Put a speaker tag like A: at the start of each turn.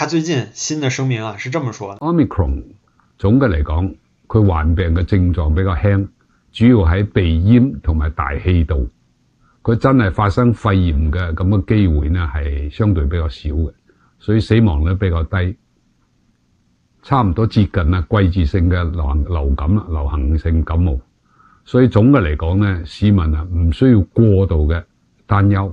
A: 他最近新的聲明啊，是這麼說的 Omicron，總嘅嚟講，佢患病嘅症狀比較輕，主要喺鼻咽同埋大氣道。佢真係發生肺炎嘅咁嘅機會呢，係相對比較少嘅，所以死亡率呢，比較低，差唔多接近啊季節性嘅流流感流行性感冒，所以總嘅嚟講呢，市民啊唔需要過度嘅擔憂。